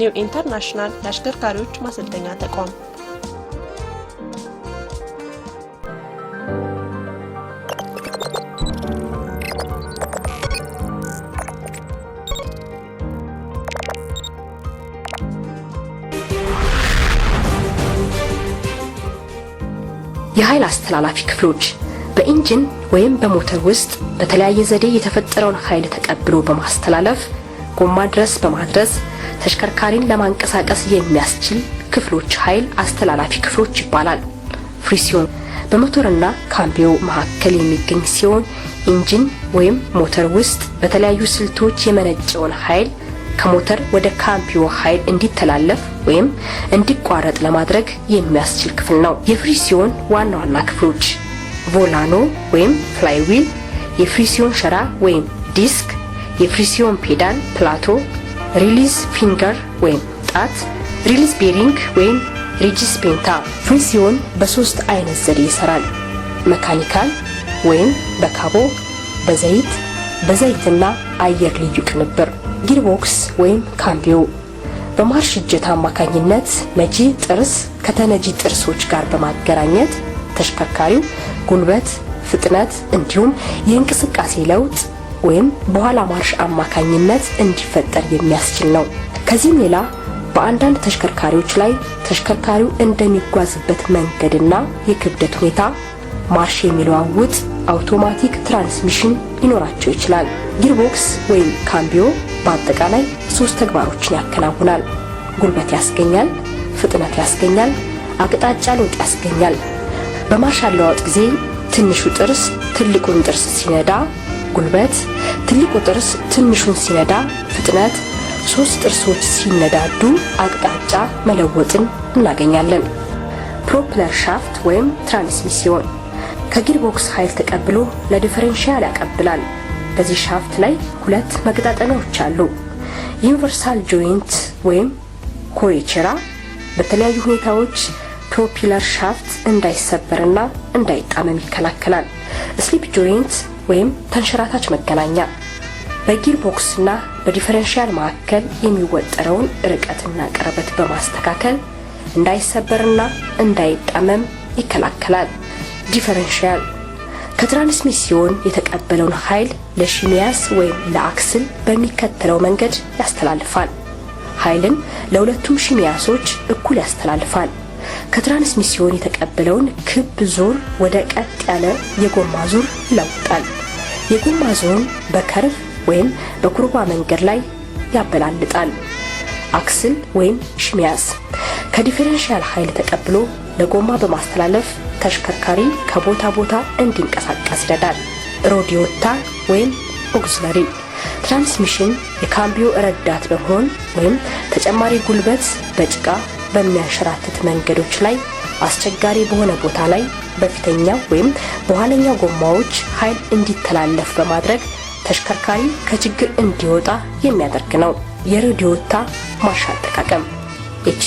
ኒው ኢንተርናሽናል የአሽከርካሪዎች ማሰልጠኛ ተቋም የኃይል አስተላላፊ ክፍሎች በኢንጂን ወይም በሞተር ውስጥ በተለያየ ዘዴ የተፈጠረውን ኃይል ተቀብሎ በማስተላለፍ ጎማ ድረስ በማድረስ ተሽከርካሪን ለማንቀሳቀስ የሚያስችል ክፍሎች ኃይል አስተላላፊ ክፍሎች ይባላል። ፍሪሲዮን በሞተርና ካምቢዮ መካከል የሚገኝ ሲሆን ኢንጂን ወይም ሞተር ውስጥ በተለያዩ ስልቶች የመነጨውን ኃይል ከሞተር ወደ ካምቢዮ ኃይል እንዲተላለፍ ወይም እንዲቋረጥ ለማድረግ የሚያስችል ክፍል ነው። የፍሪሲዮን ዋና ዋና ክፍሎች ቮላኖ ወይም ፍላይዊል፣ የፍሪሲዮን ሸራ ወይም ዲስክ የፍሪሲዮን ፔዳል ፕላቶ፣ ሪሊዝ ፊንገር ወይም ጣት፣ ሪሊዝ ቤሪንግ ወይም ሪጂስ ፔንታ። ፍሪሲዮን በሶስት አይነት ዘዴ ይሰራል። መካኒካል ወይም በካቦ፣ በዘይት፣ በዘይትና አየር ልዩ ቅንብር፣ ጊርቦክስ ወይም ካምቢዮ። በማርሽ እጀታ አማካኝነት ነጂ ጥርስ ከተነጂ ጥርሶች ጋር በማገናኘት ተሽከርካሪው ጉልበት፣ ፍጥነት እንዲሁም የእንቅስቃሴ ለውጥ ወይም በኋላ ማርሽ አማካኝነት እንዲፈጠር የሚያስችል ነው። ከዚህም ሌላ በአንዳንድ ተሽከርካሪዎች ላይ ተሽከርካሪው እንደሚጓዝበት መንገድና የክብደት ሁኔታ ማርሽ የሚለዋውጥ አውቶማቲክ ትራንስሚሽን ሊኖራቸው ይችላል። ጊርቦክስ ወይም ካምቢዮ በአጠቃላይ ሶስት ተግባሮችን ያከናውናል። ጉልበት ያስገኛል፣ ፍጥነት ያስገኛል፣ አቅጣጫ ለውጥ ያስገኛል። በማርሽ አለዋወጥ ጊዜ ትንሹ ጥርስ ትልቁን ጥርስ ሲነዳ ጉልበት፣ ትልቁ ጥርስ ትንሹን ሲነዳ ፍጥነት፣ ሶስት ጥርሶች ሲነዳዱ አቅጣጫ መለወጥን እናገኛለን። ፕሮፕለር ሻፍት ወይም ትራንስሚሲዮን ከጊርቦክስ ኃይል ተቀብሎ ለዲፈረንሺያል ያቀብላል። በዚህ ሻፍት ላይ ሁለት መገጣጠሚያዎች አሉ። ዩኒቨርሳል ጆይንት ወይም ኮሬቸራ በተለያዩ ሁኔታዎች ፕሮፒለር ሻፍት እንዳይሰበርና እንዳይጣመም ይከላከላል። ስሊፕ ጆይንት ወይም ተንሸራታች መገናኛ በጊር እና በዲፈረንሺያል መካከል የሚወጠረውን ርቀትና ቅርበት በማስተካከል እንዳይሰበርና እንዳይጣመም ይከላከላል። ዲፈረንሺያል ከትራንስሚሲዮን የተቀበለውን ኃይል ለሺኒያስ ወይም ለአክስል በሚከተለው መንገድ ያስተላልፋል። ኃይልን ለሁለቱም ሺኒያሶች እኩል ያስተላልፋል። ከትራንስሚሲዮን የተቀበለውን ክብ ዙር ወደ ቀጥ ያለ የጎማ ዙር ይለውጣል። የጎማ ዙርን በከርቭ ወይም በኩርባ መንገድ ላይ ያበላልጣል። አክስል ወይም ሽሚያስ ከዲፌሬንሻል ኃይል ተቀብሎ ለጎማ በማስተላለፍ ተሽከርካሪ ከቦታ ቦታ እንዲንቀሳቀስ ይረዳል። ሮዲዮታ ወይም ኦግዝለሪ ትራንስሚሽን የካምቢዮ ረዳት በመሆን ወይም ተጨማሪ ጉልበት በጭቃ በሚያሸራትት መንገዶች ላይ አስቸጋሪ በሆነ ቦታ ላይ በፊተኛው ወይም በኋለኛው ጎማዎች ኃይል እንዲተላለፍ በማድረግ ተሽከርካሪ ከችግር እንዲወጣ የሚያደርግ ነው። የሬዲዮታ ማርሽ አጠቃቀም ኤች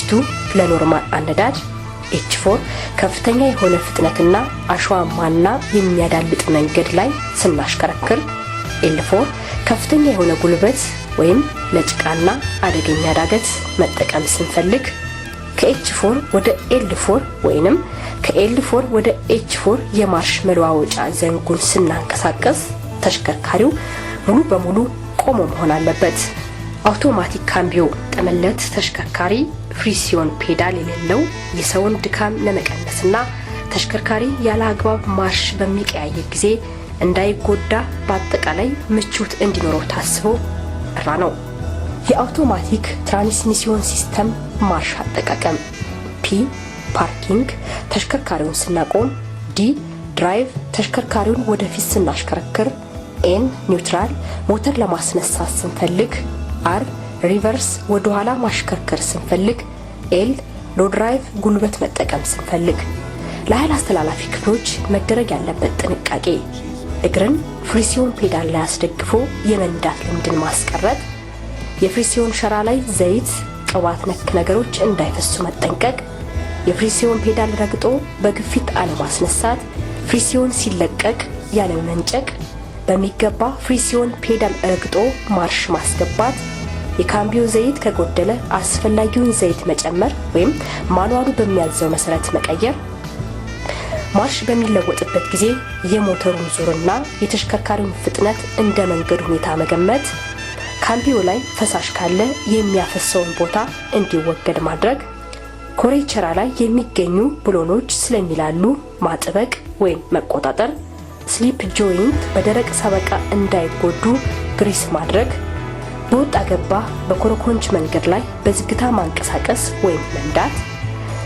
ለኖርማል አነዳድ፣ ፎር ከፍተኛ የሆነ ፍጥነትና አሸዋማና የሚያዳልጥ መንገድ ላይ ስናሽከረክር፣ ፎር ከፍተኛ የሆነ ጉልበት ወይም ለጭቃና አደገኛ ዳገት መጠቀም ስንፈልግ ከኤች ፎር ወደ ኤል ፎር ወይንም ከኤል ፎር ወደ ኤች ፎር የማርሽ መለዋወጫ ዘንጉን ስናንቀሳቀስ ተሽከርካሪው ሙሉ በሙሉ ቆሞ መሆን አለበት። አውቶማቲክ ካምቢዮ ጠመለት ተሽከርካሪ ፍሪሲዮን ፔዳል የሌለው የሰውን ድካም ለመቀነስና ተሽከርካሪ ያለ አግባብ ማርሽ በሚቀያየር ጊዜ እንዳይጎዳ በአጠቃላይ ምቾት እንዲኖረው ታስቦ ራ ነው። የአውቶማቲክ ትራንስሚሲዮን ሲስተም ማርሽ አጠቃቀም፣ ፒ ፓርኪንግ ተሽከርካሪውን ስናቆም፣ ዲ ድራይቭ ተሽከርካሪውን ወደፊት ስናሽከረክር፣ ኤን ኒውትራል ሞተር ለማስነሳት ስንፈልግ፣ አር ሪቨርስ ወደ ኋላ ማሽከርከር ስንፈልግ፣ ኤል ሎድራይቭ ጉልበት መጠቀም ስንፈልግ። ለኃይል አስተላላፊ ክፍሎች መደረግ ያለበት ጥንቃቄ እግርን ፍሪሲዮን ፔዳል ላይ አስደግፎ የመንዳት ልምድን ማስቀረት የፍሪሲዮን ሸራ ላይ ዘይት፣ ቅባት ነክ ነገሮች እንዳይፈሱ መጠንቀቅ፣ የፍሪሲዮን ፔዳል ረግጦ በግፊት አለማስነሳት፣ ፍሪሲዮን ሲለቀቅ ያለ መንጨቅ፣ በሚገባ ፍሪሲዮን ፔዳል ረግጦ ማርሽ ማስገባት፣ የካምቢዮ ዘይት ከጎደለ አስፈላጊውን ዘይት መጨመር ወይም ማንዋሉ በሚያዘው መሰረት መቀየር፣ ማርሽ በሚለወጥበት ጊዜ የሞተሩን ዙርና የተሽከርካሪውን ፍጥነት እንደ መንገድ ሁኔታ መገመት ካምቢው ላይ ፈሳሽ ካለ የሚያፈሰውን ቦታ እንዲወገድ ማድረግ፣ ኮሬቸራ ላይ የሚገኙ ብሎኖች ስለሚላሉ ማጥበቅ ወይም መቆጣጠር፣ ስሊፕ ጆይንት በደረቅ ሰበቃ እንዳይጎዱ ግሪስ ማድረግ፣ በወጣ ገባ በኮረኮንች መንገድ ላይ በዝግታ ማንቀሳቀስ ወይም መንዳት፣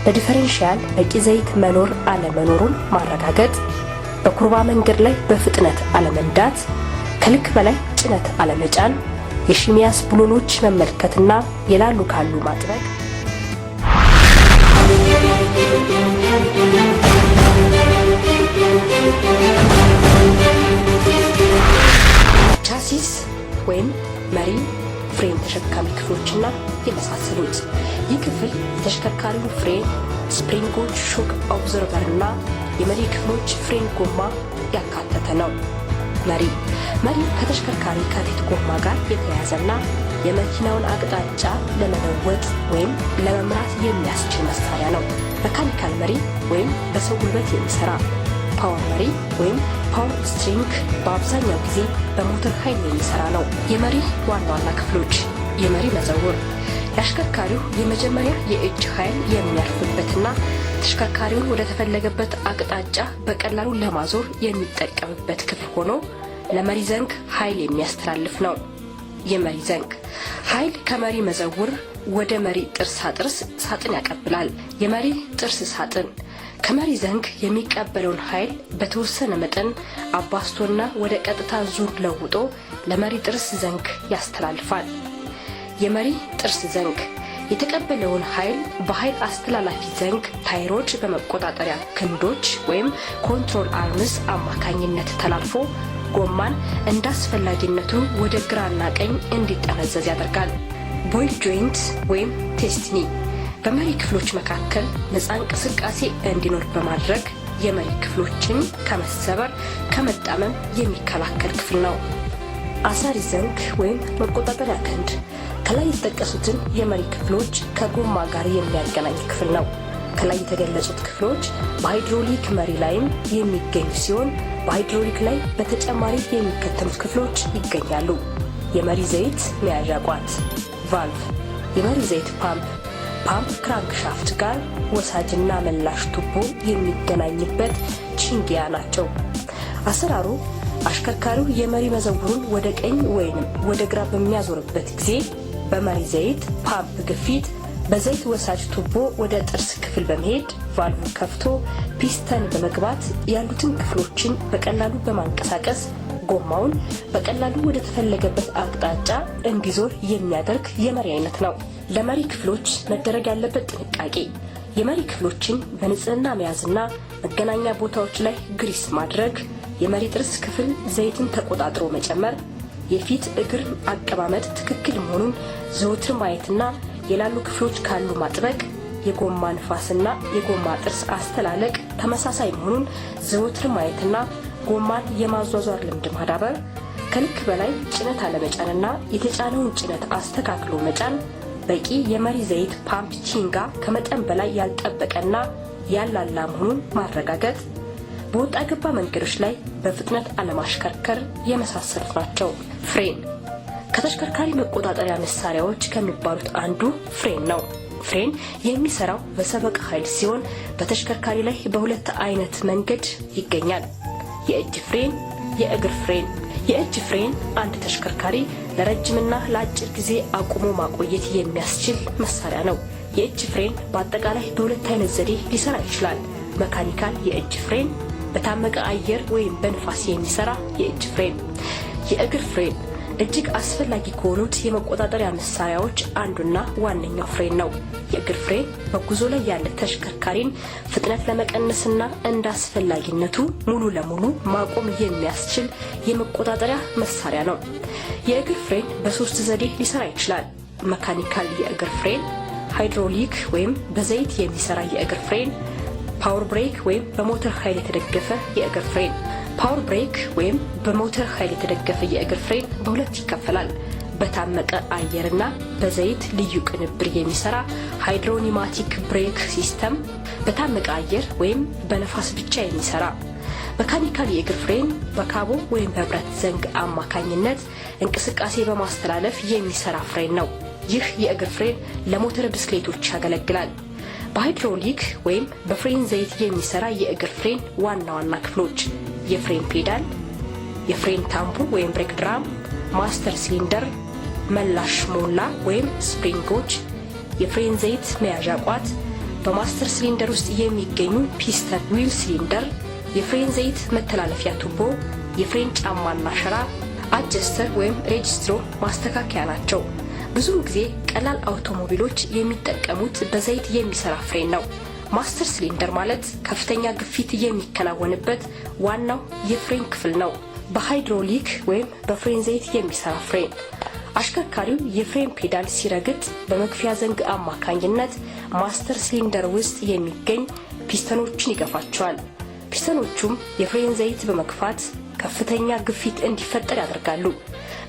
በዲፈረንሽያል በቂ ዘይት መኖር አለመኖሩን ማረጋገጥ፣ በኩርባ መንገድ ላይ በፍጥነት አለመንዳት፣ ከልክ በላይ ጭነት አለመጫን የሺሚያስ ብሎኖች መመልከትና የላሉ ካሉ ማጥበቅ ቻሲስ ወይም መሪ ፍሬን ተሸካሚ ክፍሎችና የመሳሰሉት። ይህ ክፍል የተሽከርካሪው ፍሬን፣ ስፕሪንጎች፣ ሾክ ኦብዘርቨርና የመሪ ክፍሎች ፍሬን ጎማ ያካተተ ነው። መሪ መሪው ከተሽከርካሪ ከፊት ጎማ ጋር የተያያዘና የመኪናውን አቅጣጫ ለመለወጥ ወይም ለመምራት የሚያስችል መሳሪያ ነው። መካኒካል መሪ ወይም በሰው ጉልበት የሚሰራ፣ ፓወር መሪ ወይም ፓወር ስትሪንግ በአብዛኛው ጊዜ በሞተር ኃይል የሚሰራ ነው። የመሪ ዋና ዋና ክፍሎች የመሪ መዘውር የአሽከርካሪው የመጀመሪያ የእጅ ኃይል የሚያርፍበትና ተሽከርካሪውን ወደ ተፈለገበት አቅጣጫ በቀላሉ ለማዞር የሚጠቀምበት ክፍል ሆኖ ለመሪ ዘንግ ኃይል የሚያስተላልፍ ነው። የመሪ ዘንግ ኃይል ከመሪ መዘውር ወደ መሪ ጥርስ ጥርስ ሳጥን ያቀብላል። የመሪ ጥርስ ሳጥን ከመሪ ዘንግ የሚቀበለውን ኃይል በተወሰነ መጠን አባስቶና ወደ ቀጥታ ዙር ለውጦ ለመሪ ጥርስ ዘንግ ያስተላልፋል። የመሪ ጥርስ ዘንግ የተቀበለውን ኃይል በኃይል አስተላላፊ ዘንግ ታይሮድ በመቆጣጠሪያ ክንዶች ወይም ኮንትሮል አርምስ አማካኝነት ተላልፎ ጎማን እንደ አስፈላጊነቱ ወደ ግራና ቀኝ እንዲጠመዘዝ ያደርጋል። ቦይ ጆይንት ወይም ቴስቲኒ በመሪ ክፍሎች መካከል ነፃ እንቅስቃሴ እንዲኖር በማድረግ የመሪ ክፍሎችን ከመሰበር ከመጣመም የሚከላከል ክፍል ነው። አሳሪ ዘንግ ወይም መቆጣጠሪያ ክንድ ከላይ የተጠቀሱትን የመሪ ክፍሎች ከጎማ ጋር የሚያገናኝ ክፍል ነው። ከላይ የተገለጹት ክፍሎች በሃይድሮሊክ መሪ ላይም የሚገኙ ሲሆን በሃይድሮሊክ ላይ በተጨማሪ የሚከተሉት ክፍሎች ይገኛሉ። የመሪ ዘይት መያዣ ቋት፣ ቫልቭ፣ የመሪ ዘይት ፓምፕ፣ ፓምፕ ክራንክሻፍት ጋር ወሳጅና መላሽ ቱቦ የሚገናኝበት ቺንግያ ናቸው። አሰራሩ አሽከርካሪው የመሪ መዘውሩን ወደ ቀኝ ወይንም ወደ ግራ በሚያዞርበት ጊዜ በመሪ ዘይት ፓምፕ ግፊት በዘይት ወሳጅ ቱቦ ወደ ጥርስ ክፍል በመሄድ ቫልቭ ከፍቶ ፒስተን በመግባት ያሉትን ክፍሎችን በቀላሉ በማንቀሳቀስ ጎማውን በቀላሉ ወደ ተፈለገበት አቅጣጫ እንዲዞር የሚያደርግ የመሪ አይነት ነው። ለመሪ ክፍሎች መደረግ ያለበት ጥንቃቄ የመሪ ክፍሎችን በንጽህና መያዝና መገናኛ ቦታዎች ላይ ግሪስ ማድረግ፣ የመሪ ጥርስ ክፍል ዘይትን ተቆጣጥሮ መጨመር፣ የፊት እግር አቀማመጥ ትክክል መሆኑን ዘወትር ማየትና የላሉ ክፍሎች ካሉ ማጥበቅ፣ የጎማ ንፋስና የጎማ ጥርስ አስተላለቅ ተመሳሳይ መሆኑን ዘወትር ማየትና ጎማን የማዟዟር ልምድ ማዳበር፣ ከልክ በላይ ጭነት አለመጫንና የተጫነውን ጭነት አስተካክሎ መጫን፣ በቂ የመሪ ዘይት ፓምፕ ቺንጋ ከመጠን በላይ ያልጠበቀና ያላላ መሆኑን ማረጋገጥ፣ በወጣ ገባ መንገዶች ላይ በፍጥነት አለማሽከርከር የመሳሰሉት ናቸው። ፍሬን ከተሽከርካሪ መቆጣጠሪያ መሳሪያዎች ከሚባሉት አንዱ ፍሬን ነው። ፍሬን የሚሰራው በሰበቅ ኃይል ሲሆን በተሽከርካሪ ላይ በሁለት አይነት መንገድ ይገኛል። የእጅ ፍሬን፣ የእግር ፍሬን። የእጅ ፍሬን አንድ ተሽከርካሪ ለረጅምና ለአጭር ጊዜ አቁሞ ማቆየት የሚያስችል መሳሪያ ነው። የእጅ ፍሬን በአጠቃላይ በሁለት አይነት ዘዴ ሊሰራ ይችላል። መካኒካል የእጅ ፍሬን፣ በታመቀ አየር ወይም በንፋስ የሚሰራ የእጅ ፍሬን። የእግር ፍሬን እጅግ አስፈላጊ ከሆኑት የመቆጣጠሪያ መሳሪያዎች አንዱና ዋነኛው ፍሬን ነው። የእግር ፍሬን በጉዞ ላይ ያለ ተሽከርካሪን ፍጥነት ለመቀነስና እንደ አስፈላጊነቱ ሙሉ ለሙሉ ማቆም የሚያስችል የመቆጣጠሪያ መሳሪያ ነው። የእግር ፍሬን በሶስት ዘዴ ሊሰራ ይችላል። መካኒካል የእግር ፍሬን፣ ሃይድሮሊክ ወይም በዘይት የሚሰራ የእግር ፍሬን፣ ፓወር ብሬክ ወይም በሞተር ኃይል የተደገፈ የእግር ፍሬን ፓወር ብሬክ ወይም በሞተር ኃይል የተደገፈ የእግር ፍሬን በሁለት ይከፈላል። በታመቀ አየርና በዘይት ልዩ ቅንብር የሚሰራ ሃይድሮኒማቲክ ብሬክ ሲስተም፣ በታመቀ አየር ወይም በነፋስ ብቻ የሚሰራ መካኒካል የእግር ፍሬን በካቦ ወይም በብረት ዘንግ አማካኝነት እንቅስቃሴ በማስተላለፍ የሚሰራ ፍሬን ነው። ይህ የእግር ፍሬን ለሞተር ብስክሌቶች ያገለግላል። በሃይድሮሊክ ወይም በፍሬን ዘይት የሚሰራ የእግር ፍሬን ዋና ዋና ክፍሎች የፍሬን ፔዳል፣ የፍሬን ታምቡር ወይም ብሬክ ድራም፣ ማስተር ሲሊንደር፣ መላሽ ሞላ ወይም ስፕሪንጎች፣ የፍሬን ዘይት መያዣ ቋት፣ በማስተር ሲሊንደር ውስጥ የሚገኙ ፒስተን ዊል ሲሊንደር፣ የፍሬን ዘይት መተላለፊያ ቱቦ፣ የፍሬን ጫማና ሸራ፣ አጀስተር ወይም ሬጅስትሮ ማስተካከያ ናቸው። ብዙውን ጊዜ ቀላል አውቶሞቢሎች የሚጠቀሙት በዘይት የሚሰራ ፍሬን ነው። ማስተር ሲሊንደር ማለት ከፍተኛ ግፊት የሚከናወንበት ዋናው የፍሬን ክፍል ነው። በሃይድሮሊክ ወይም በፍሬን ዘይት የሚሰራ ፍሬን አሽከርካሪው የፍሬን ፔዳል ሲረግጥ በመግፊያ ዘንግ አማካኝነት ማስተር ሲሊንደር ውስጥ የሚገኝ ፒስተኖችን ይገፋቸዋል። ፒስተኖቹም የፍሬን ዘይት በመግፋት ከፍተኛ ግፊት እንዲፈጠር ያደርጋሉ።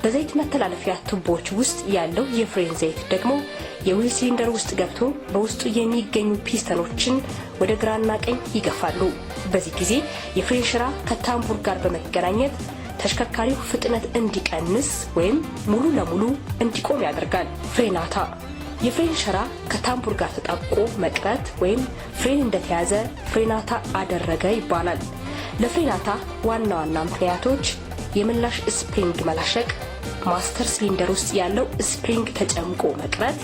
በዘይት መተላለፊያ ቱቦዎች ውስጥ ያለው የፍሬን ዘይት ደግሞ የዊል ሲሊንደር ውስጥ ገብቶ በውስጡ የሚገኙ ፒስተኖችን ወደ ግራና ቀኝ ይገፋሉ። በዚህ ጊዜ የፍሬን ሽራ ከታምቡር ጋር በመገናኘት ተሽከርካሪው ፍጥነት እንዲቀንስ ወይም ሙሉ ለሙሉ እንዲቆም ያደርጋል። ፍሬናታ የፍሬን ሽራ ከታምቡር ጋር ተጣብቆ መቅረት ወይም ፍሬን እንደተያዘ ፍሬናታ አደረገ ይባላል። ለፍሬናታ ዋና ዋና ምክንያቶች የምላሽ ስፕሪንግ መላሸቅ ማስተር ሲሊንደር ውስጥ ያለው ስፕሪንግ ተጨምቆ መቅረት፣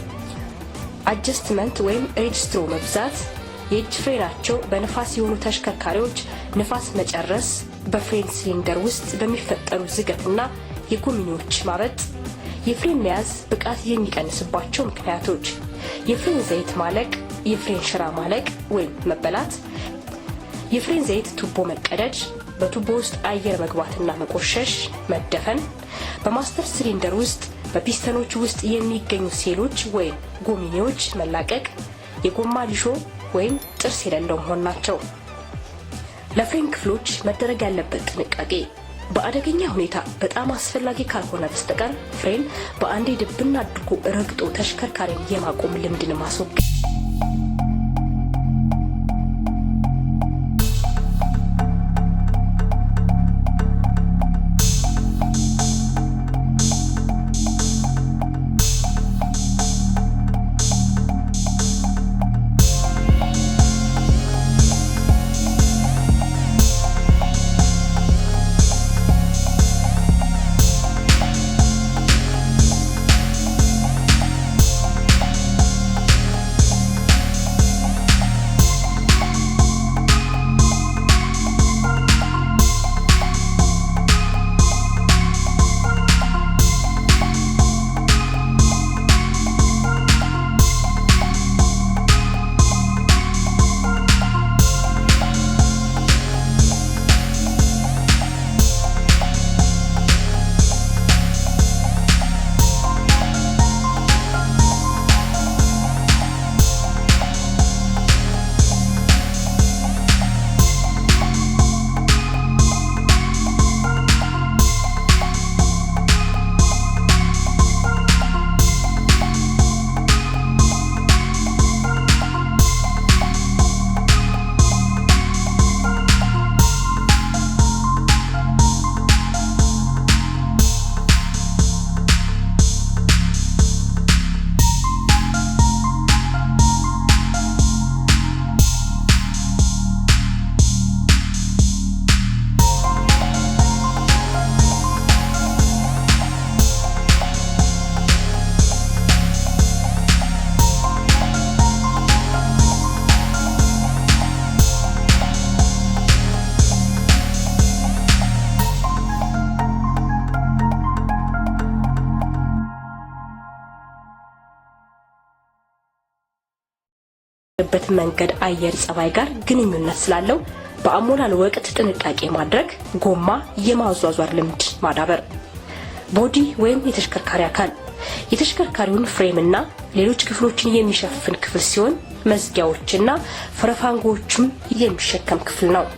አጀስትመንት ወይም ሬጅስትሮ መብዛት፣ የእጅ ፍሬናቸው በንፋስ የሆኑ ተሽከርካሪዎች ንፋስ መጨረስ፣ በፍሬን ሲሊንደር ውስጥ በሚፈጠሩ ዝገትና የጎሚኒዎች ማበጥ፣ የፍሬን መያዝ ብቃት የሚቀንስባቸው ምክንያቶች፣ የፍሬን ዘይት ማለቅ፣ የፍሬን ሽራ ማለቅ ወይም መበላት፣ የፍሬን ዘይት ቱቦ መቀደድ በቱቦ ውስጥ አየር መግባትና መቆሸሽ፣ መደፈን፣ በማስተር ሲሊንደር ውስጥ በፒስተኖች ውስጥ የሚገኙ ሴሎች ወይም ጎሚኔዎች መላቀቅ፣ የጎማ ሊሾ ወይም ጥርስ የሌለው መሆን ናቸው። ለፍሬን ክፍሎች መደረግ ያለበት ጥንቃቄ በአደገኛ ሁኔታ በጣም አስፈላጊ ካልሆነ በስተቀር ፍሬን በአንዴ ድብና አድርጎ ረግጦ ተሽከርካሪን የማቆም ልምድን ማስወገድ በት መንገድ አየር ጸባይ ጋር ግንኙነት ስላለው በአሞላል ወቅት ጥንቃቄ ማድረግ፣ ጎማ የማዟዟር ልምድ ማዳበር። ቦዲ ወይም የተሽከርካሪ አካል የተሽከርካሪውን ፍሬምና ሌሎች ክፍሎችን የሚሸፍን ክፍል ሲሆን መዝጊያዎችና ፈረፋንጎዎችም የሚሸከም ክፍል ነው።